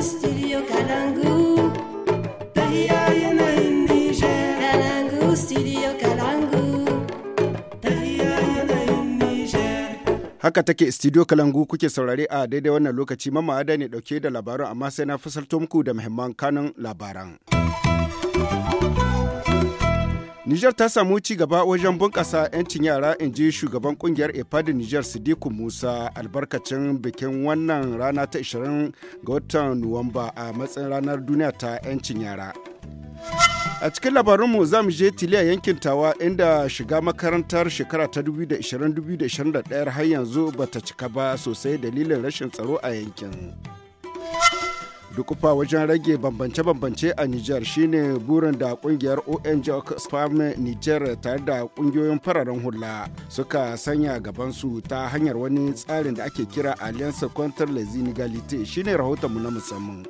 studio Haka take studio Kalangu kuke saurare a daidai wannan lokaci mamada ne dauke da labaran amma sai na fasalto muku da muhimman kanun labaran. Nijar ta samu ci gaba wajen bunƙasa 'yancin yara in ji shugaban kungiyar EFAD Nijar Sidiku Musa albarkacin bikin wannan rana ta 20 ga watan Nuwamba a matsayin ranar duniya ta 'yancin yara. A cikin labarinmu za mu je tiliya yankin tawa inda shiga makarantar shekara ta 2020-2021 har yanzu bata cika ba sosai dalilin rashin tsaro a yankin. dukufa wajen rage bambance-bambance a Nijar shine burin da kungiyar ONG Oxfam Nijar tare da kungiyoyin fararen hula suka sanya gabansu ta hanyar wani tsarin da ake kira Alliance contre les inégalités shine rahotonmu na musamman.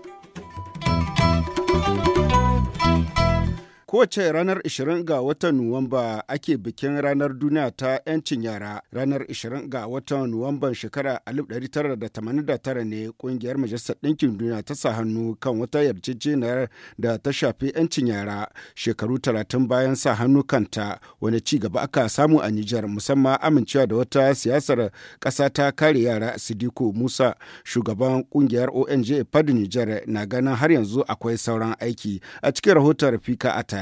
Kowace ranar 20 ga watan Nuwamba ake bikin ranar duniya ta 'yancin yara. Ranar 20 ga watan Nuwamban shekara 1989 ne kungiyar Majalisar Ɗinkin Duniya ta sa hannu kan wata yarjejeniyar da ta shafi 'yancin yara shekaru 30 bayan sa hannu kanta wani ci gaba aka samu a Nijar musamman amincewa da wata siyasar ƙasa ta kare yara Sidiku Musa shugaban kungiyar ONG Fadi Nijar na ganin har yanzu akwai sauran aiki a cikin rahoton Rafika Ata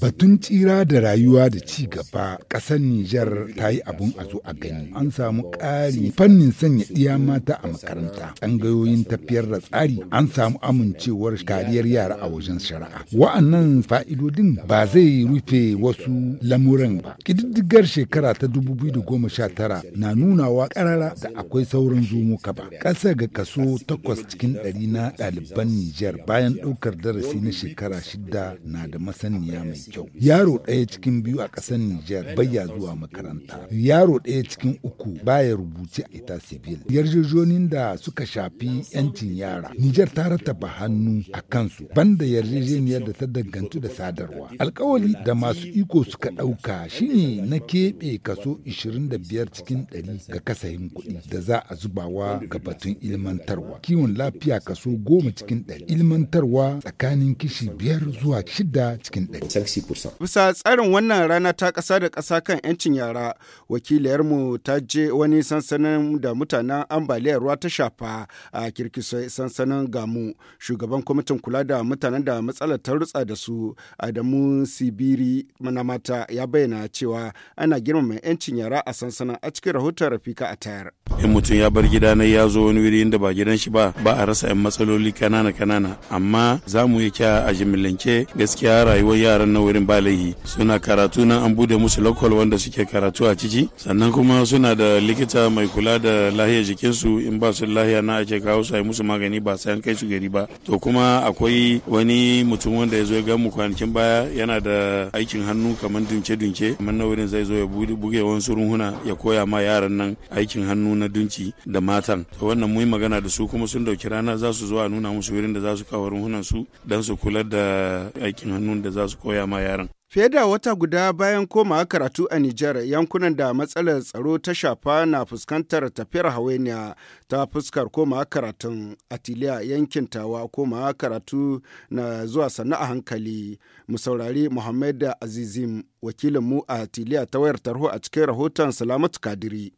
Batun tsira da rayuwa da ci gaba ƙasar Nijar ta yi abun a zo a gani. An samu ƙari fannin sanya ɗiya mata a makaranta, tsangayoyin tafiyar da tsari an samu amincewar kariyar yara a wajen shari'a. Wa'annan fa'idodin ba zai rufe wasu lamuran ba. Ƙididdigar shekara ta da goma sha tara na nunawa ƙarara da akwai sauran zomo kaba. Ƙasa ga kaso takwas cikin ɗari na ɗaliban Nijar bayan ɗaukar darasi na shekara shida na da niya mai kyau yaro ɗaya cikin biyu a ƙasar nijar baya zuwa makaranta yaro ɗaya cikin uku baya rubuce a ita civil yarjejonin da suka shafi yancin yara nijar ta rattaba hannu a kansu banda yarjejeniyar da ta dangantu da sadarwa alkawali da masu iko suka ɗauka shine na keɓe kaso 25 cikin 100 ga kasahin kuɗi da za a zubawa ga batun ilmantarwa kiwon lafiya kaso 10 cikin 100 ilmantarwa tsakanin kishi biyar zuwa shida cikin ɗari. Bisa tsarin wannan rana ta kasa da kasa kan 'yancin yara, wakiliyarmu ta je wani sansanin da mutanen ambaliyar ruwa ta shafa a kirkisai sansanin gamu. Shugaban kwamitin kula da mutanen da matsalar ta rutsa da su Adamu Sibiri na mata ya bayyana cewa ana girmama 'yancin yara a sansanin a cikin rahoton Rafika a tayar. In mutum ya bar gida na ya zo wani wuri inda ba gidan shi ba ba a rasa 'yan matsaloli kanana kanana amma za mu yi kya a jimillance gaskiya rayuwar yaran na wurin balehi suna karatu nan an bude musu lokal wanda suke karatu a ciki sannan kuma suna da likita mai kula da lahiyar jikinsu in ba su lahiya na ake kawo su a musu magani ba sayan kai su gari ba to kuma akwai wani mutum wanda ya zo ya mu kwanakin baya yana da aikin hannu kamar dunce-dunce kamar na wurin zai zo ya buge wasu runhuna ya koya ma yaran nan aikin hannu na dunci da matan to wannan mu magana da su kuma sun dauki rana za su zo a nuna musu wurin da za su kawo runhunan su dan su kula da aikin hannun da za su koya ma yaran Fiye da wata guda bayan komawa karatu a Nijar, yankunan da matsalar tsaro ta shafa na fuskantar tafiyar hawainiya ta fuskar komawa karatun Atiliya yankin tawa komawa karatu na zuwa sana'a hankali. Mu saurari Muhammad Azizim, wakilinmu a Atiliya ta wayar tarho a cikin rahoton Salamatu Kadiri.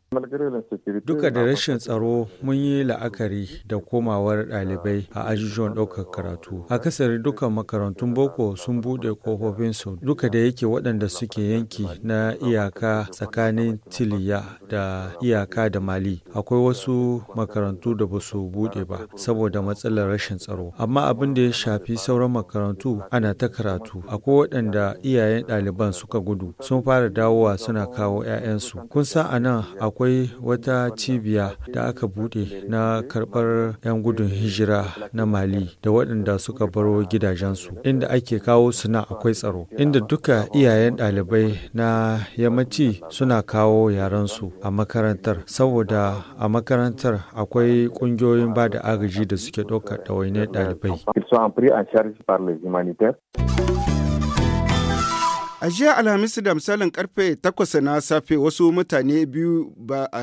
Duka da rashin tsaro mun yi la'akari da komawar ɗalibai a ajujuwan ɗaukar karatu. Akasari dukkan makarantun boko sun buɗe ƙofofinsu duka da yake waɗanda suke yanki na iyaka tsakanin tiliya da iyaka da mali akwai wasu makarantu da ba su buɗe ba saboda matsalar rashin tsaro amma abin da ya shafi sauran makarantu ana ta karatu akwai waɗanda iyayen ɗaliban suka gudu sun fara dawowa suna kawo 'ya'yansu kun san a nan akwai wata cibiya da aka buɗe na karɓar 'yan gudun hijira na mali da waɗanda suka baro gidajensu inda ake kawo suna akwai tsaro inda duk duka iyayen ɗalibai na yammaci suna kawo yarensu a makarantar saboda a makarantar akwai ƙungiyoyin ba da agaji da suke ɗaukar ɗawainiyar ɗalibai. A jiya Alhamis da misalin karfe 8 na safe wasu mutane biyu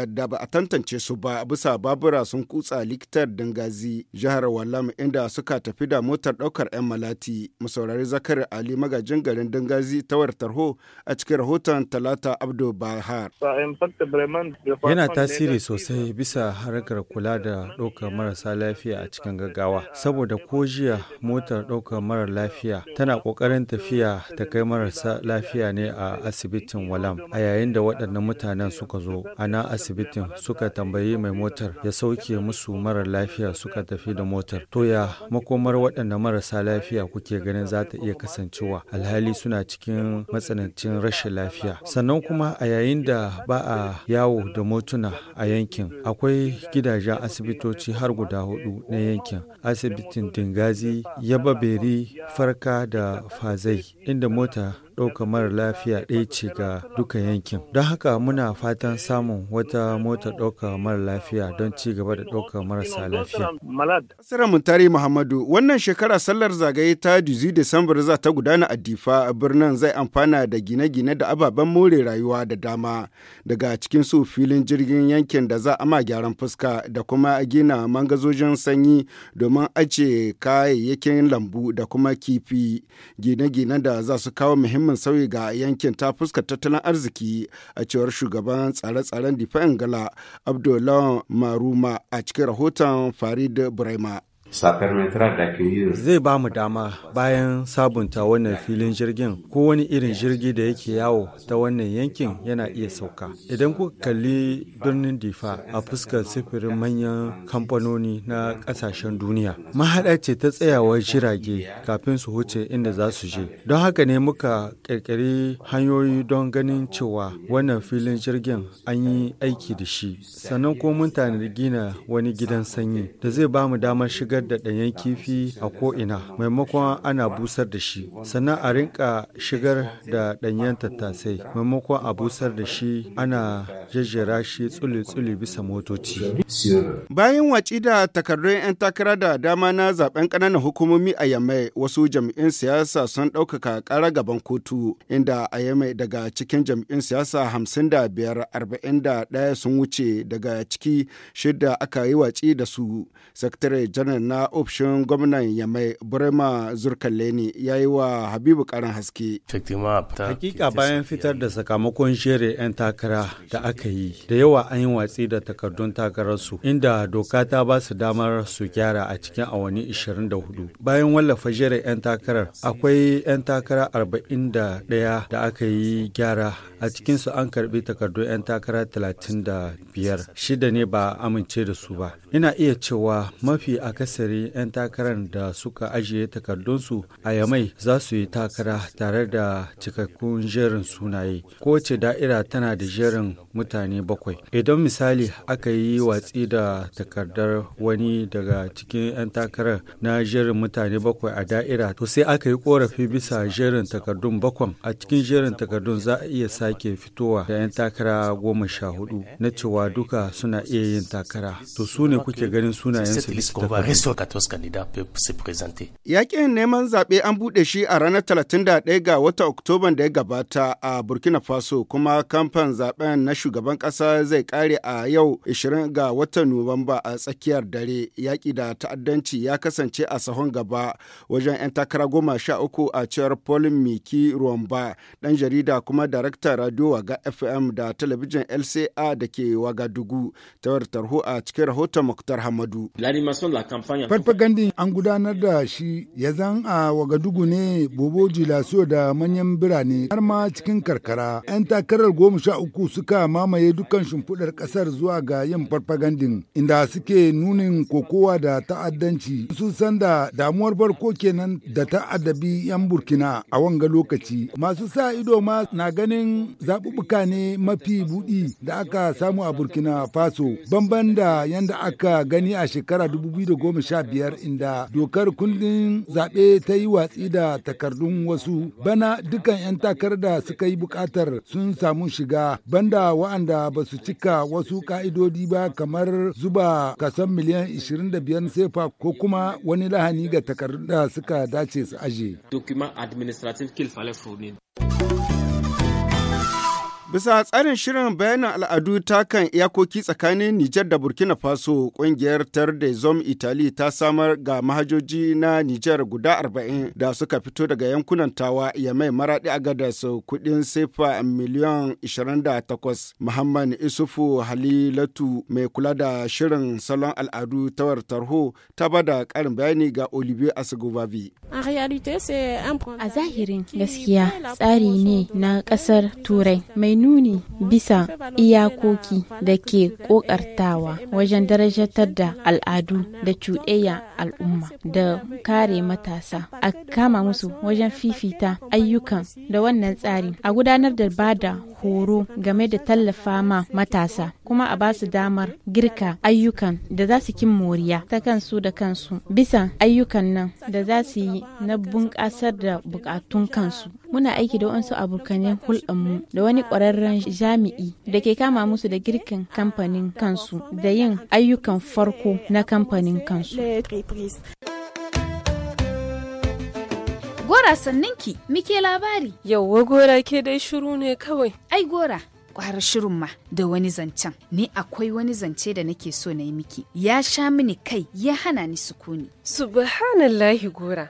da ba a tantance su ba bisa babura sun kutsa likitar Dangazi jihar Wallam inda suka tafi da motar daukar 'yan malati. Masaurari Zakar Ali magajin garin Dangazi ta tarho a cikin rahoton Talata Abdul Bahar. Yana tasiri sosai bisa harkar kula da ɗaukar marasa lafiya a cikin gaggawa saboda ko jiya motar ɗaukar mara lafiya tana ƙoƙarin tafiya ta kai marasa lafiya ne a asibitin Walam. A yayin da waɗannan mutanen suka zo, a nan asibitin suka tambayi mai motar ya sauke musu marar lafiya suka tafi da motar. To ya makomar waɗanda marasa lafiya kuke ganin za ta iya kasancewa alhali suna cikin matsanancin rashin lafiya. Sannan kuma a yayin da ba a yawo da motuna a yankin akwai gidajen asibitoci har guda hudu na yankin asibitin Dingazi, Yababeri, Farka da Fazai inda mota ɗauka mara lafiya ɗaya ce ga duka yankin. Don haka muna fatan samun wata mota ɗauka mara lafiya don ci gaba da ɗauka marasa lafiya. Sira Muntari Muhammadu, wannan shekara sallar zagaye ta Dizi Desambar za ta gudana a Difa birnin zai amfana da gine-gine da ababen more rayuwa da dama daga cikin su filin jirgin yankin da za a ma gyaran fuska da kuma gina mangazojin sanyi domin ace kayayyakin lambu da kuma kifi gine gine da za su kawo muhimmanci muhimmin sauyi ga yankin ta fuskar tattalin arziki a cewar shugaban tsare-tsaren difa gala abdullahi maruma a cikin rahoton farid Buraima. Zai ba mu dama bayan sabunta wannan filin jirgin ko wani irin jirgi da yake yawo ta wannan yankin yana iya sauka. Idan kuka kalli birnin Difa a fuskar sifirin manyan kamfanoni na kasashen duniya. Mahaɗa ce ta tsayawar jirage kafin su huce inda za su je. Don haka ne muka ƙirƙiri hanyoyi don ganin cewa wannan filin jirgin an yi aiki da shi. Sannan ko mun tanadi gina wani gidan sanyi da zai ba mu damar shigar da ɗanyen kifi a ko'ina maimakon ana busar da shi sannan a rinka shigar da ɗanyen tattasai maimakon a busar da shi ana jajjera shi tsuli-tsuli bisa motoci. Bayan watsi da takardun 'yan takara da dama na zaben ƙananan hukumomi a Yamai wasu jam'in siyasa sun ɗaukaka ƙara gaban kotu inda a Yamai daga cikin jam'in siyasa hamsin da biyar arba'in da ɗaya sun wuce daga ciki shidda aka yi watsi da su. Sakatare janar na ofishin gwamnan Yamai Burema Zurkalleni ya yi wa Habibu karin haske. Hakika bayan fitar da sakamakon shere 'yan takara da aka yi, da yawa an yi watsi da takardun takararsu, inda doka ta ba su damar su gyara a cikin awanni 24. Bayan wallafa shere 'yan takarar, akwai 'yan takara 41 da aka yi gyara, a cikinsu an karbi takardun 'yan takara 35, shida ne ba amince da su ba. Ina iya cewa mafi akasi. sirri 'yan takarar da suka ajiye takardunsu a yamai za su yi takara tare da cikakkun jerin sunaye kowace da'ira tana da jerin mutane bakwai idan misali aka yi watsi da takardar wani daga cikin 'yan takarar na jerin mutane bakwai a da'ira to sai aka yi korafi bisa jerin takardun bakwan a cikin jerin takardun za a iya sake fitowa da 'yan takara goma sha hudu na cewa duka suna iya yin takara to su ne kuke ganin sunayen su 14 candidats se présenter. Yaƙin neman zaɓe an bude shi a ranar 31 ga wata Oktoban da ya gabata a Burkina Faso kuma kamfan zaɓen na shugaban ƙasa zai kare a yau 20 ga wata Nuwamba a tsakiyar dare. yaki da ta'addanci ya kasance a sahon gaba wajen 'yan takara goma sha uku a cewar Paulin Miki Ruwamba ɗan jarida kuma darakta radio Waga FM da talabijin LCA da ke Wagadugu ta tarho a cikin rahoton Muktar Hamadu. la Farfagandin an gudanar da shi ya zan a Wagadugu ne Bobo laso da manyan birane har ma cikin karkara. 'Yan takarar goma sha uku suka mamaye dukkan shimfiɗar ƙasar zuwa ga yin farfagandin inda suke nunin kokowa da ta'addanci. Sun san da damuwar farko kenan da ta'addabi 'yan Burkina a wanga lokaci. Masu sa ido ma na ganin zaɓuɓɓuka ne mafi buɗi da aka samu a Burkina Faso. Bamban da yanda aka gani a shekara 2010 sha biyar inda dokar kundin zaɓe ta yi watsi da takardun wasu bana dukan 'yan takarda suka yi buƙatar sun samu shiga banda wa'anda ba su cika wasu ka'idodi ba kamar zuba kason miliyan 25 sefa ko kuma wani lahani ga takardun da suka dace su aje. Bisa tsarin shirin bayanin al'adu ta kan iyakoki tsakanin Nijar da Burkina Faso, ƙungiyar Tarde Zom Italy ta samar ga mahajoji na Nijar guda 40 da suka fito daga yankunan tawa ya mai maraɗi a gadas kuɗin sefa miliyan 28. Muhammad Isufu Halilatu mai kula da shirin salon al'adu ta wartar ho ta bada ƙarin bayani ga Olivier Asigobavi. A zahirin gaskiya tsari ne na ƙasar Turai mai nuni bisa iyakoki da ke ƙoƙartawa wajen darajatar da al'adu da cuɗeya euh, al'umma da kare matasa a kama musu wajen fifita ayyukan da wannan tsari a gudanar da ba da horo game da tallafa ma matasa kuma a ba su damar girka ayyukan da za su kin moriya ta kansu da kansu bisa ayyukan nan da za su yi na bunƙasar da bukatun kansu. Muna aiki da wasu abokanen hulɗarmu da wani ƙwararren jami'i da ke kama musu da girkin kamfanin kansu da yin ayyukan farko na kamfanin kansu. Gora sanninki, muke labari. Yauwa gora ke dai shiru ne kawai. Ai gora, kwara shirin ma da wani zancen ni akwai wani zance da nake so na yi miki ya sha mini kai ya hana ni sukuni subhanallahi gora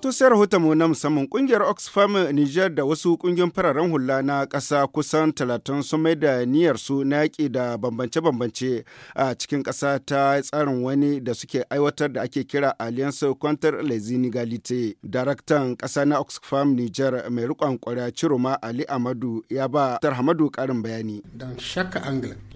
To hutu mu na musamman kungiyar Oxfam Niger da wasu kungiyoyin fararen hula na ƙasa kusan talatin sun mai da niyyar su na yaƙi da bambance-bambance a cikin ƙasa ta tsarin wani da suke aiwatar da ake kira Alliance Contre les Inégalités. Daraktan ƙasa na Oxfam Niger mai riƙon ƙwarya Chiroma Ali Amadu ya ba Tar Hamadu ƙarin bayani.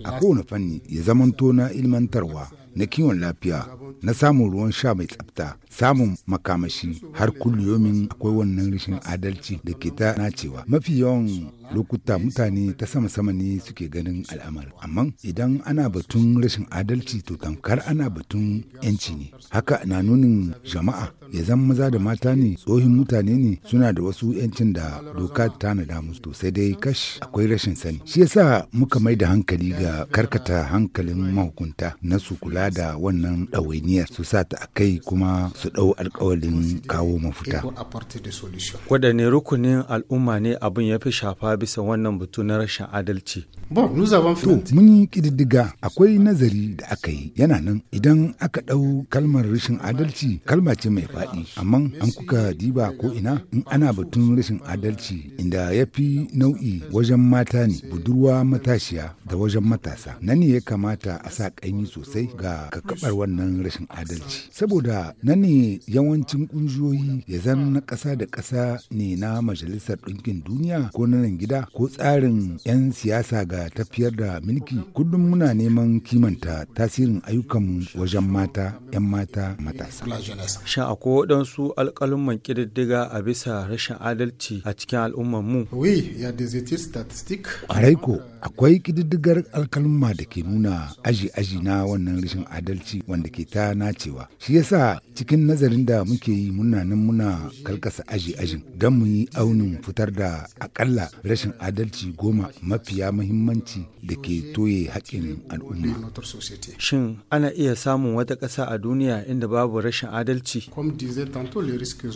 A kowane fanni ya zamanto na ilmantarwa na kiwon lafiya na samun ruwan sha mai tsafta samun makamashi har kulliyomin akwai wannan rashin adalci da ke ta nacewa mafi yawan lokuta mutane ta sama-sama ne suke ganin al'amar amma idan ana batun rashin adalci to tamkar ana batun yanci ne haka na nunin jama'a ya zan maza da mata ne tsohin mutane ne suna da wasu yancin da doka ta nada musu sosai sai dai kash akwai rashin sani shi yasa muka mai da hankali ga karkata hankalin mahukunta na su kula da wannan ɗawainiyar su sa ta kai kuma su ɗau alkawalin kawo mafuta Waɗanne rukunin al'umma ne abin ya fi shafa bisa wannan batu na rashin adalci? Bon, to, mun yi ƙididdiga akwai nazari da aka yi yana nan idan aka ɗau kalmar rashin adalci kalma ce mai faɗi amma an kuka diba ko ina in ana batun rashin adalci inda ya fi nau'i wajen mata ne budurwa matashiya da wajen matasa nan ne ya kamata a sa ƙaimi sosai ga kakabar wannan rashin adalci saboda nan ne yawancin ƙungiyoyi ya zan na ƙasa da ƙasa ne na majalisar ɗinkin duniya ko na nan gida ko tsarin 'yan siyasa ga tafiyar da mulki kullum muna neman kimanta tasirin ayyukanmu wajen mata 'yan mata matasa shin akwai waɗansu alƙalumman ƙididdiga a bisa rashin adalci a cikin al'ummar mu ko akwai ƙididdigar alƙalumma da ke nuna aji-aji na wannan rashin adalci wanda ke ta nacewa shi yasa cikin nazarin da muke yi muna nan muna kalkasa aji-ajin don mu yi aunin fitar da akalla rashin adalci goma mafiya muhimmanci da ke toye haƙƙin al'umma. Shin ana iya samun wata ƙasa a duniya inda babu rashin adalci?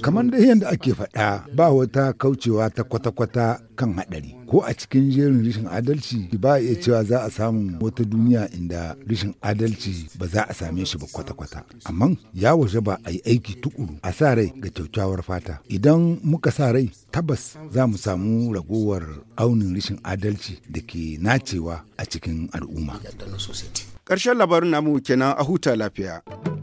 Kamar da yadda ake faɗa ba wata kaucewa ta kwata-kwata kan haɗari. Ko a cikin jerin rashin adalci ba iya cewa za a samu wata duniya inda rashin adalci ba za a same shi ba kwata-kwata. Amma ya waje ba a yi aiki tukuru a sa rai ga kyaukyawar fata. Idan muka sa rai tabbas za mu samu ragowar aunin rashin adalci da ke nacewa a cikin al'umma. Ƙarshen labarin namu kenan a huta lafiya.